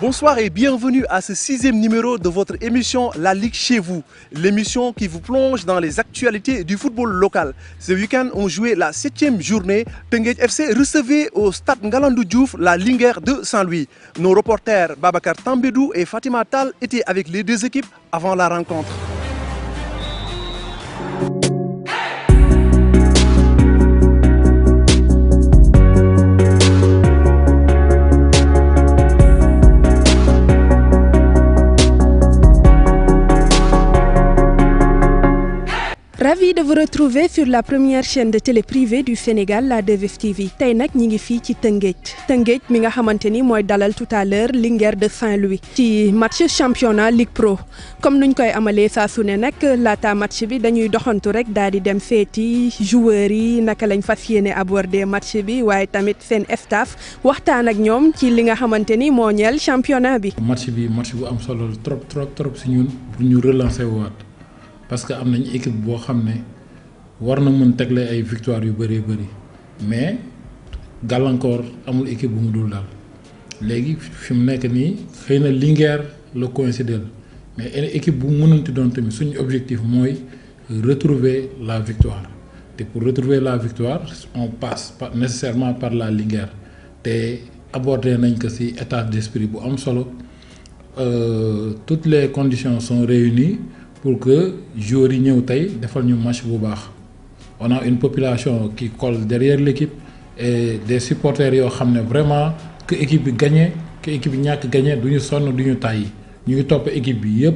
Bonsoir et bienvenue à ce sixième numéro de votre émission La Ligue chez vous, l'émission qui vous plonge dans les actualités du football local. Ce week-end, on jouait la septième journée. Tenguet FC recevait au stade Ngalandou Diouf la Linguère de Saint-Louis. Nos reporters Babacar Tambedou et Fatima Tal étaient avec les deux équipes avant la rencontre. yi de vous retrouver sur la première chaîne de télé privée du Sénégal la 2STV tey nag ñi ngi fii ci Tëngéej Tëngéej mi nga xamante ni mooy dalal tout à de Saint-Louis ci match championnat Ligue Pro comme ñu koy amalee saa su ne nag laata match bi dañuy doxantu rek daal di dem seeti joueurs yi naka lañ fas yéene aborder match bi waaye tamit seen staff waxtaan ak ñoom ci li nga xamante ni moo ñeel championnat bi. match bi match bu am solo trop trop trop si ñu relancer waat. parce que am nañu équipe boo xam ne war na mën tegle ay victoire yu bëree bëri mais gàllankoor amul équipe bu mu dul daal léegi fi mu nekk nii xëy na Linguère la coïncider mais équipe bu mënanti doon tamit suñu objectif mooy retrouver la victoire te pour retrouver la victoire on passe pas nécessairement par la Linguère te aborder nañ ko ci état d'esprit bu am solo euh, toutes les conditions sont réunies pour que jour yi ñëw tey defal ñu match bu baax on a une population qui colle derrière l'équipe et des supporters yoo xam ne vraiment que équipe bi gagné que équipe bi ñàkk gagné du ñu sonn duñu tàyyi ñu topp équipe bi yëpp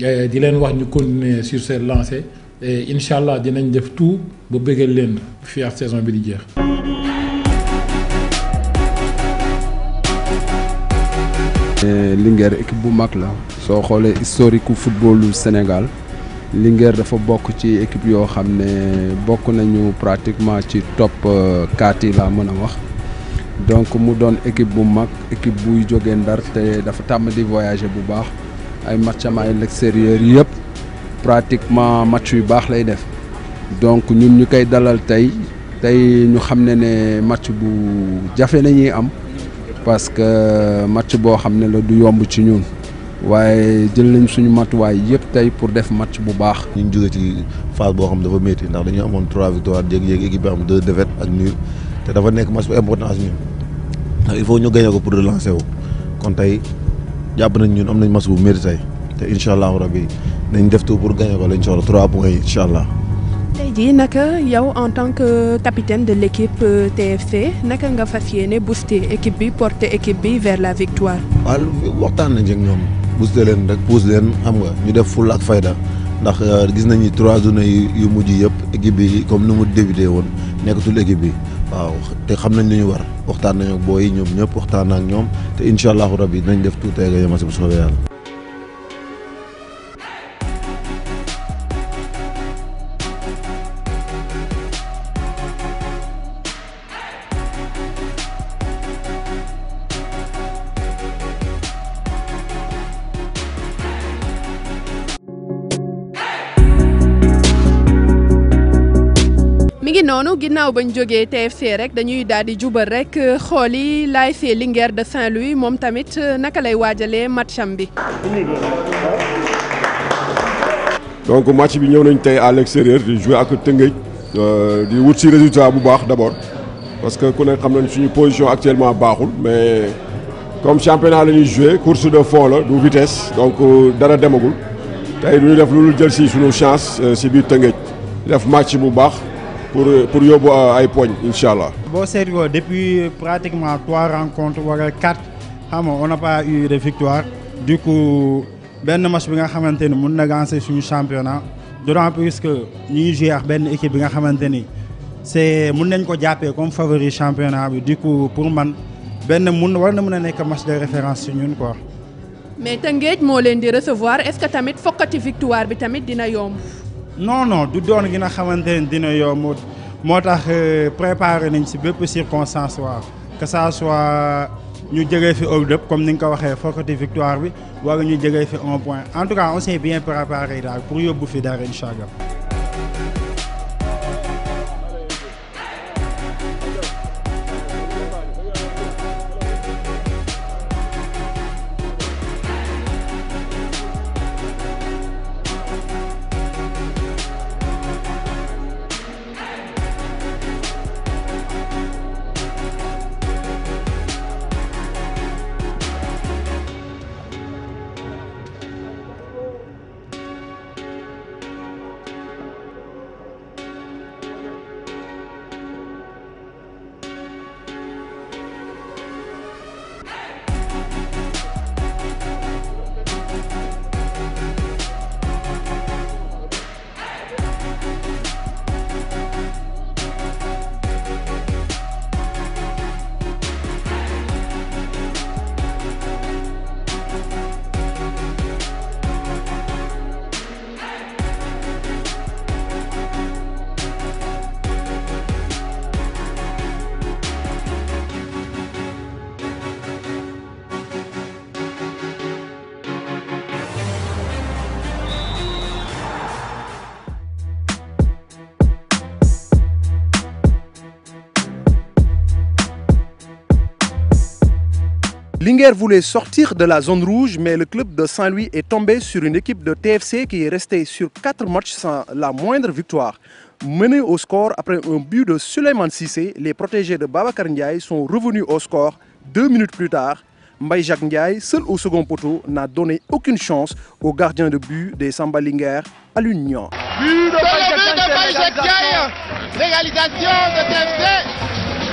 eh, di leen wax ñu continuer sur cette lancée et incha allah dinañ def tout ba bëggal leen fii ak saison bi di jeex. Eh, Linguère équipe bu mag la soo xoolee historique footballu Sénégal Linguère dafa bokk ci équipe yoo xam ne bokk nañu pratiquement ci top 4 eh, yi laa mën a wax donc mu doon équipe bu mag équipe buy jóge Ndar te dafa tàmm di voyager bu baax ay match am ay l'extérieur yëpp pratiquement match yu baax lay def donc ñu ñu koy dalal tey tey ñu xam ne ne match bu jafe nañuy am parce que match boo xam ne la du yomb ci ñun waaye jël nañ suñu matuwaay yëpp tey pour def match bu baax. ñu ngi jóge ci phase boo xam ne dafa métti ndax dañu amoon trois victoires jéeg-jéeg équipe bi am deux défaites ak nul te dafa nekk match bu importance ñun ndax il faut ñu gagné ko pour relancer wu kon tey jàpp nañ ñun am nañ match bu métti tey te incha allahu rabi nañ def tout pour gagné ko lañ soxla trois points yi incha allah. tey jii naka yow en tant que capitaine de l' équipe euh, TFC naka nga fas ne booster équipe bi porter équipe bi vers la victoire. waaw waxtaan nañ ci ñoom booster leen rek pousse leen xam nga ñu def full ak fayda ndax euh, gis nañu trois journées yu mujj yëpp équipe bi comme nu mu débuté woon nekkatul équipe bi waaw te xam nañ li ñu war waxtaan nañu ak booy ñoom ñëpp waxtaan na ak ñoom te incha allahu rabi dinañ def tuuti ay yamasi bu soobee yàlla. ngi noonu ginnaaw ñu jógee TFC rek dañuy daal di jubal rek euh, xool yi laay fee Linguère de Saint-Louis moom tamit euh, naka lay waajalee matcham bi. donc match bi ñëw nañ tey à l'extérieur di jouer ak Tëngéej euh, di wut si résultat bu baax d'abord parce que ku ne xam nañ suñu position actuellement baaxul mais comme championnat la ñuy jouer course de fond la du vitesse donc dara demagul tey du def lu dul jël si suñu chance si biir Tëngéej def match bu baax. pour euh, pour yóbbu euh, ay poñ incha allah. boo seetloo depuis pratiquement trois rencontres wala quatre xam nga on n'a pas eu de victoire du benn mache bi nga xamante ni mun na lancer suñu championnat d'autant plus que ñu ngi joué benn équipe bi nga xamante ni c'est mun nañ ko jàppee comme favori championnat bi du coup pour man benn mun war na mun a nekk match de référence ci ñun quoi. mais Tëngéej moo leen di recevoir est que tamit fokkati victoire bi tamit dina yomb. non non du doon gi na xamante ne dina yomb moo tax euh, préparer nañ si bépp circonstance waaw que ça soit ñu jege fi hold-up comme ni nga ko waxee fokkati victoire bi wala ñu jege fi un point en tout cas bien préparé daal pour yóbbu fi dara incha allah. Linguère voulait sortir de la zone rouge, mais le club de Saint-Louis est tombé sur une équipe de TFC qui est restée sur quatre sans la moindre victoire. Menés au score après un but de Suleiman Sissé, les protégés de Babacar Ndiaye sont revenus au score deux minutes plus tard. Mbaye Jacques Ndiaye, seul au second poteau, n'a donné aucune chance au gardien de but des Samba à l'Union. But de Mbaye Jacques Ndiaye Légalisation de TFC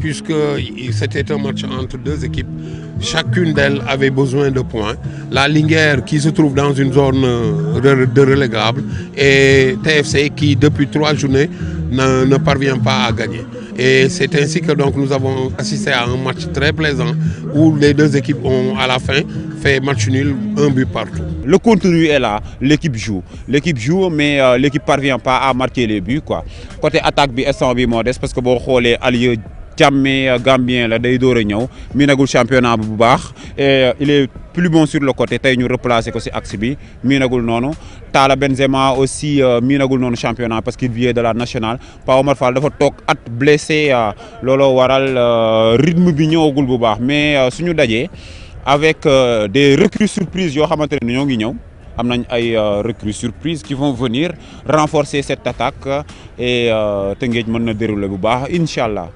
puisque c'était un match entre deux équipes. Chacune d'elles avait besoin de points. La Linguère qui se trouve dans une zone euh, de relégable et TFC qui depuis trois journées ne, ne parvient pas à gagner. Et c'est ainsi que donc, nous avons assisté à un match très plaisant où les deux équipes ont à la fin fait match nul, un but partout. Le contenu est là, l'équipe joue. L'équipe joue, mais euh, l'équipe ne parvient pas à marquer les buts. Quoi. Côté attaque, c'est modeste parce que bon, les alliés Thiamé euh, Gambien la day door a ñëw miinagul championnat bu baax et euh, il est plus bon sur le côté tey ñu replacer ko si axe bi miinagul noonu Talla Benzema aussi euh, miinagul noonu championnat parce qu'il vient de la nationale Pa Omar Fall dafa toog at blessé looloo waral rythme bi ñëwagul bu baax mais suñu dajee avec des recrues surprises yoo xamante ne ñoo ngi ñëw. am nañ ay recrues surprises qui vont venir renforcer cette attaque et Tëngéej mën na dérouler bu baax incha allah.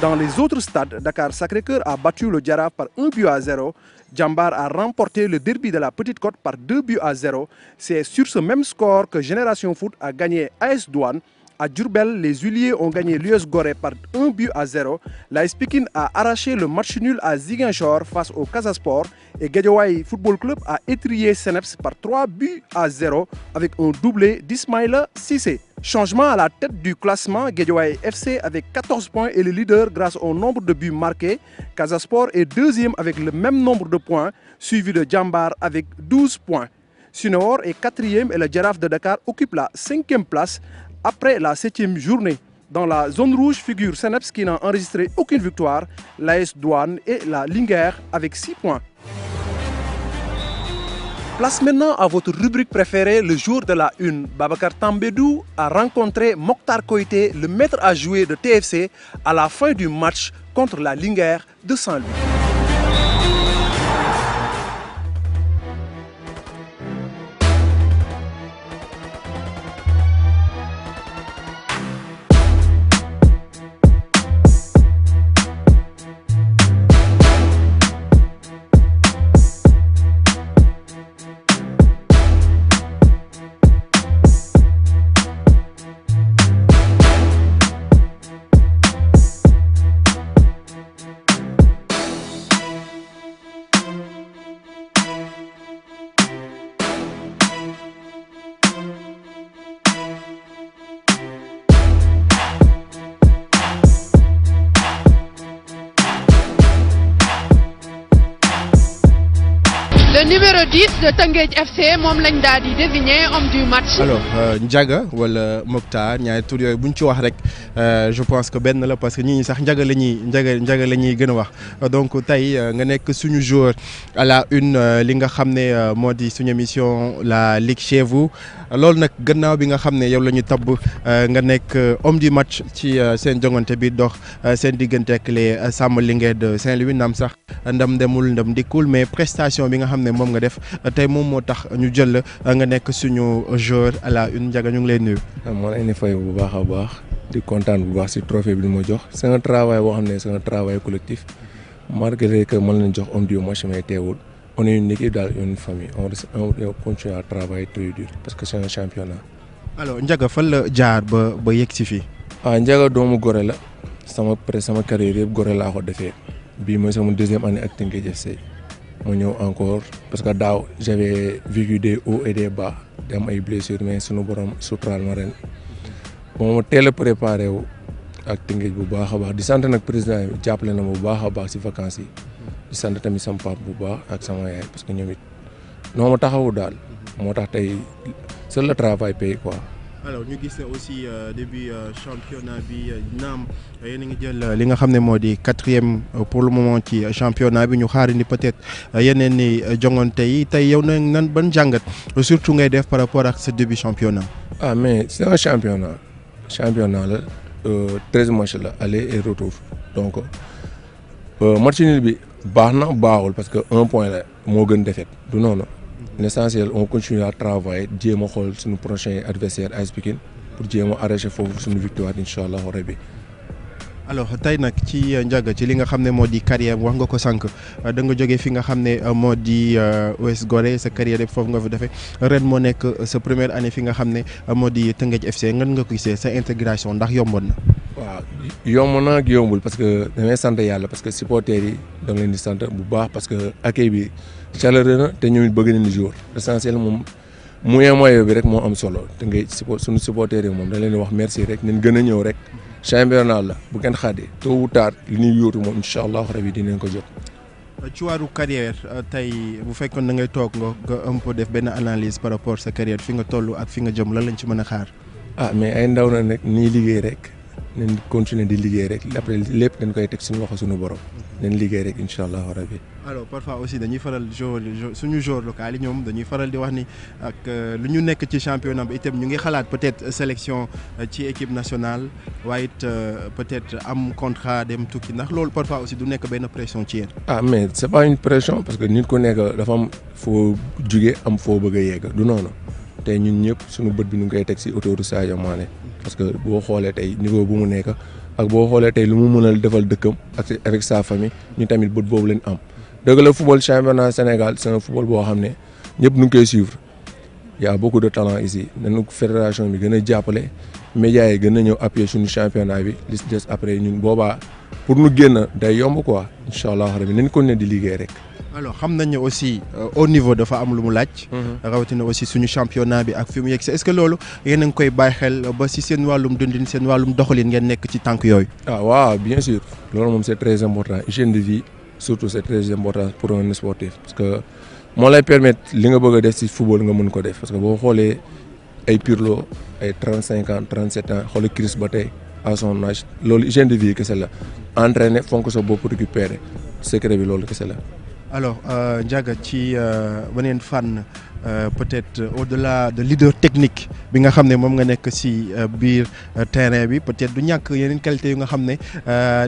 Dans les autres stades, Dakar Sacré-Cœur a battu le Jaraaf par 1 but à 0. Djambar a remporté le derby de la Petite Côte par 2 buts à 0. C'est sur ce même score que Génération Foot a gagné AS Douane. À Djurbel, les Huiliers ont gagné l'US Gorée par 1 but à 0. La Pekin a arraché le match nul à Ziguinchor face au casaspor et Guédiawaye Football Club a étrié Seneps par 3 buts à 0 avec un doublé d'Ismaïla Sissé. Changement à la tête du classement, Guédiawaye FC avec 14 points et le leader grâce au nombre de buts marqués. Casasport est deuxième avec le même nombre de points, suivi de Djambar avec 12 points. Suneor est quatrième et le Giraffe de Dakar occupe la cinquième place après la septième journée. Dans la zone rouge figure Seneps qui n'a enregistré aucune victoire, l'AS Douane et la Linger avec 6 points. Place maintenant à votre rubrique préférée, le jour de la une. Babacar Tambedou a rencontré Mokhtar Koité, le maître à jouer de TFC, à la fin du match contre la Linguère de Saint-Louis. 10 de Tëngéej FC moom lañ daal di homme du match. alors euh, Ndiaga wala Mokhtar ñaari tur yooyu bu ñu ci wax rek euh, je pense que benn la parce que ñii sax Ndiaga la ñuy Ndiaga Ndiaga la ñuy gën a wax donc tey euh, nga nekk suñu jour à la une li nga xam ne moo di suñu émission la Ligue chez loolu nag gannaaw bi nga xam ne yow la ñu tabb euh, nga nekk euh, homme du match ci euh, seen jongante bi dox seen diggante ak les Sàmm Linguère de Saint-Louis naam sax ndam demul ndam dikkul mais prestation bi nga xam ne moom nga def tey moom moo tax ñu jël nga nekk suñu joueur à la une njaga ñu ngi ah, leen nuyu. moo lay fay bu baax a baax di kontaan bu baax si trophée bi ma jox c'est un travail boo xam ne c'est un travail collectif malgré que mën leen jox homme du match mais teewul. on est une équipe daal une famille on on continue à travailler parce que c'est un championnat. alors Ndiaga fan la jaar ba ba yegg si fii. ah Ndiaga doomu Gorée la sama pré sama carrière yëpp Gorée laa ko defee bii mooy sama deuxième année ak Teungueth FC ma ñëw encore parce que daaw j'avais vécu de hauts et des bas di am ay blessures mais sunu borom suturaal ma ren bon ma teel a wu ak Teungueth bu baax a baax di sant nag président jàppale na ma bu baax a baax si vacances yi. di sant tamit sama papa bu baax ak sama yaay parce que ñoom it noo ma taxawu daal moo tax tey seul le travail paye quoi. alors ñu gis ne aussi euh, début euh, championnat bi euh, naam yéen ngi jël li nga xam ne moo di quatrième pour le moment ci championnat bi ñu xaari ni peut-être yeneen ni jongante yi tey yow na nan ban jàngat surtout ngay def par rapport ak ce début championnat. ah mais c'est un championnat championnat la treize matchs la aller et retour donc match nul bi. baax na baaxul parce que un point la moo gën defet du noonu mhm. l' essentiel on continue à travailler jéem a xool suñu prochain adversaire AS Pikine pour jéem a arracher foofu suñu victoire incha allahu rabbi alors tey nag ci euh, njàgg ci li nga xam ne moo di carrière wax nga ko sànq euh, da nga jógee fi nga xam ne euh, moo di US Gorée sa carrière yëpp foofu nga fi defee ren moo nekk sa première année fi nga xam ne moo di Tëngéej FC ngan nga ko gisee sa intégration ndax yomboon na waaw yomb na ak yombul parce que damay sant yàlla parce que supporters yi da leen di sant bu baax parce que accueil bi chaleureux na te ñoom it bëgg nañu jour l'essentiel moom moyen moyen bi rek moo am solo te ngay support suñu supporters yi moom da leen di wax merci rek nañ gën a ñëw rek championnat la bu kenn xaadee tôt ou tard li ñuy yóotu moom incha allah rabi dinañ ko jot. ci wàllu carrière tey bu fekkoon da ngay toog nga nga un def benn analyse par rapport sa carrière fi nga toll ak fi nga jëm lan lañ ci mën a xaar. ah mais ay ndaw na nag nii liggéey rek. nañ continuer di liggéey rek après lépp dañ koy teg suñu loxo suñu borom. nañ liggéey rek incha allah rabi. alors parfois aussi dañuy faral joueur suñu joueur local yi ñoom dañuy faral di wax ni ak euh, lu ñu nekk ci championnat bi itam ñu ngi xalaat peut-être euh, sélection euh, ci équipe nationale waaye it peut-être am contrat dem tukki ndax loolu parfois aussi du nekk benn pression ci yéen. ah mais c'est pas une pression parce que nit ku nekk dafa am foo jugee am foo bëgg a yegg du noonu. tey ñun ñëpp suñu bët bi ñu ngi koy teg si autoroute Sadio Mané parce que boo xoolee tey niveau bu mu nekk ak boo xoolee tey lu mu mën a defal dëkkam ak avec sa famille ñu tamit bët boobu leen am. dëgg la football championnat Sénégal c'est un football boo xam ne ñëpp ñu ngi koy suivre y a beaucoup de talent ici nañu fédération bi gën a jàppale médias yi gën a ñëw appuyer suñu championnat bi li si des après ñun boobaa pour ñu génn day yomb quoi incha allah rabi nañ ko ne di liggéey rek. alors xam nañ aussi euh, au niveau dafa am lu mu laaj. Mhm. rawatina aussi suñu championnat bi ak fi mu yegg si est-ce que loolu yéen a ngi koy bàyyi xel ba si seen wàllum dundin seen wàllum doxalin ngeen nekk ci tànk yooyu. Ah, waaw bien sûr loolu moom c'est très important hygiène de vie surtout c'est très important pour un sportif parce que moo lay permettre li nga bëgg a def si football nga mën ko def parce que boo xoolee ay Pirlo ay trente cinq ans trente sept ans xooli Chris loolu hygiène de vie kese la loolu la. alors euh, Ndiaga ci euh, beneen fànn euh, peut-être au la de leader technique bi nga xam ne moom nga nekk si biir terrain bi peut-être du ñàkk yeneen qualité yu nga xam ne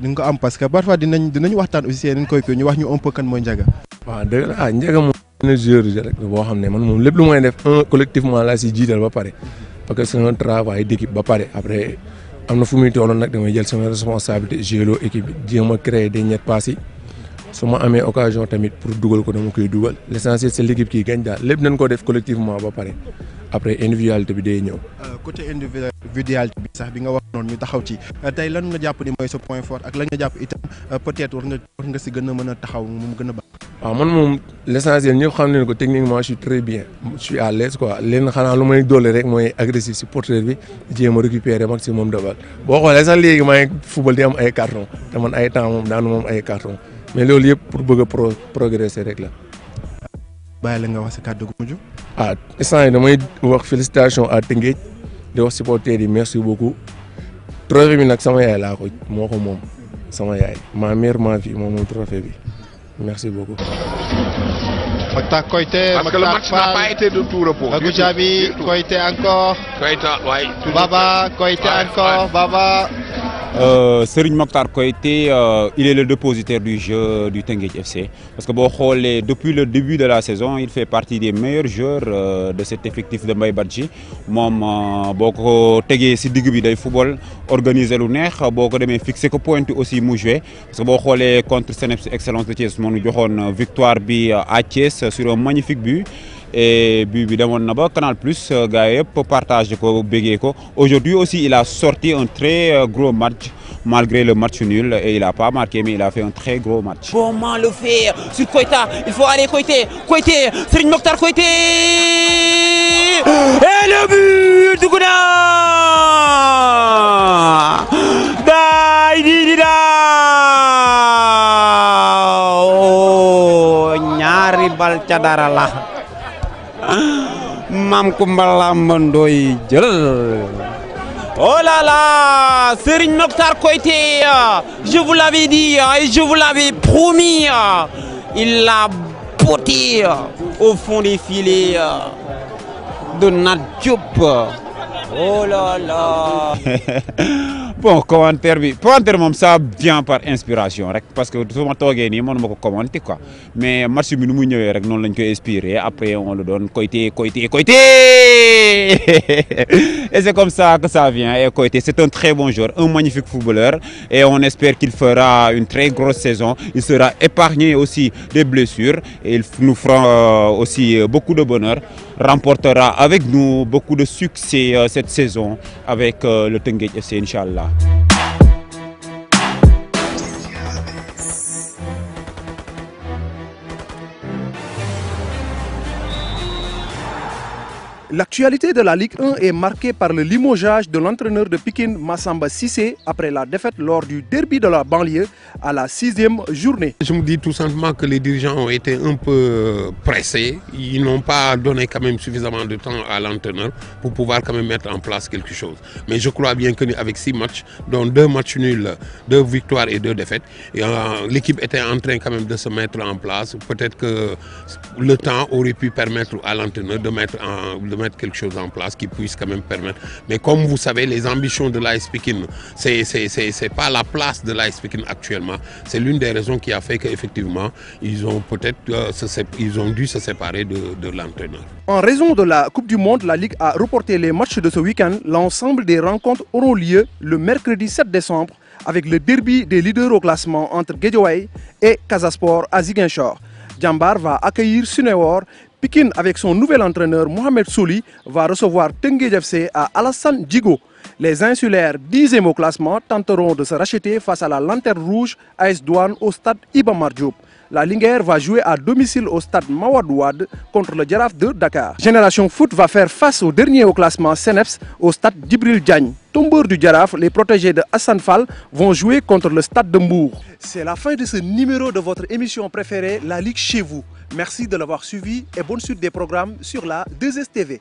di nga ko am parce que parfois dinañ dinañ waxtaan aussi yeneen koy ko ñu wax ñu un peu kan mooy Ndiaga. waaw ah, moom. benn joueur rek boo xam ne man moom lép lu may def un collectivement laa si jiital ba pare parce que c'est un travail d'équipe ba pare après am na fu muy tolloon nag damay jël sama responsabilité jéeloo équipe bi jéem a créer des ñett pass yi su ma amee occasion tamit pour dugal ko dama koy dugal l' essentiel c' est l' équipe qui gagne daal lépp nañ ko def collectivement ba pare après individualité bi day ñëw. Euh, côté individualité bi sax bi nga wax noonu ñu taxaw ci euh, tey lan nga jàpp ni mooy sa point fort ak lan nga jàpp itam euh, peut-être war nga war nga si gën a mën a taxaw mu gën a baax. man moom l' essentiel ñëpp xam nañ ko techniquement je très bien je suis à l'aise quoi leen xanaa lu may doole rek mooy agressif si porteur bi jéem a récupérer maximum de balle boo xoolee sax léegi maa ngi football di am ay carton te man moom daanu moom ay carton. mais loolu yëpp pour bëgg a pro progresser la. nga wax si gu mujj. ah instant yi damay wax félicitation à Tëngéej di wax supporters yi merci beaucoup trophée bi nag sama yaay laa ko moo ko moom sama yaay ma mère ma vie moom trophée bi merci beaucoup. Mactar Koité Mactar encore. Koité Euh, Serigne Mokhtar te euh, il est le du jeu du Tenguet FC. Parce que boo xoolee depuis le début de la saison, il fait partie des meilleurs joueurs euh, de cet effectif de Mbaye Badji. Mom, euh, boko tégué ci digue bi day football, organiser lu neex, boko démé fixer ko point aussi mu jouer. Parce que boo xoolee contre Seneps Excellence de Thiès, mo ñu joxone euh, victoire bi euh, à Thiès sur un magnifique but. et but bi demoon na ba Canal Plus euh, gars yëpp partagé ko bégee ko aujourd'hui aussi il a sorti un très euh, gros match malgré le match nul et il a pas marqué mais il a fait un très gros match. Comment le faire sur Koita il faut aller Koité Koité Serigne Mokhtar Koité et le but dugg na daay di di daaw oh, ñaari bal ca dara la. maam Kumba Lamba Ndoye jël oh là là Serigne Mokhtar Koité je vous l'avais dit et je vous l'a botté au fond des filets Nat Diop oh bon commentaire bi commentaire moom ça vient par inspiration rek parce que su ma toogee nii mënu ma ko commenter quoi mais match bi nu mu ñëwee rek noonu lañ koy inspiré après on le donne Koité Koité Koité et c'est comme ça que ça vient et Koité c'est un très bon joueur un magnifique footballeur et on espère qu'il fera une très grosse saison il sera épargné aussi des blessures et il nous fera euh, aussi euh, beaucoup de bonheur remportera avec nous beaucoup de succès euh, cette saison avec euh, le Tenguet FC, Inch'Allah. L'actualité de la Ligue 1 est marquée par le limogeage de l'entraîneur de Pikine Massamba Sissé après la défaite lors du derby de la banlieue à la sixième journée. Je me dis tout simplement que les dirigeants ont été un peu euh, pressés. Ils n'ont pas donné quand même suffisamment de temps à l'entraîneur pour pouvoir quand même mettre en place quelque chose. Mais je crois bien euh, quand même de se mettre en place. Peut-être que le temps aurait pu permettre à l'entraîneur mettre quelque chose en place qui puisse quand même permettre. Mais comme vous savez, les ambitions de l'AS Pekin, c'est c'est pas la place de l'AS Pekin actuellement. C'est l'une des raisons qui a fait qu'effectivement, ils ont peut-être euh, ils ont dû se séparer de, de l'entraîneur. En raison de la Coupe du Monde, la Ligue a reporté les matchs de ce week-end. L'ensemble des rencontres auront lieu le mercredi 7 décembre avec le derby des leaders au classement entre Guédiawaye et Casasport à Ziguinchor. Djambar va accueillir Sunéor, Pekin, avec son nouvel entraîneur Mohamed Souli, va recevoir Tengue FC à Alassane Djigo. Les insulaires, 10e au classement, tenteront de se racheter face à la lanterne rouge AS Douane au stade Ibamar Diop. La Linguère va jouer à domicile au stade Mawadouad contre le Giraffe de Dakar. Génération Foot va faire face au dernier au classement CNEPS au stade Djibril Diagne. Tombeur du Giraffe, les protégés de Hassan Fall vont jouer contre le stade de Mbour. C'est la fin de ce numéro de votre émission préférée, La Ligue chez vous. Merci de l'avoir suivi et bonne suite des programmes sur la 2STV.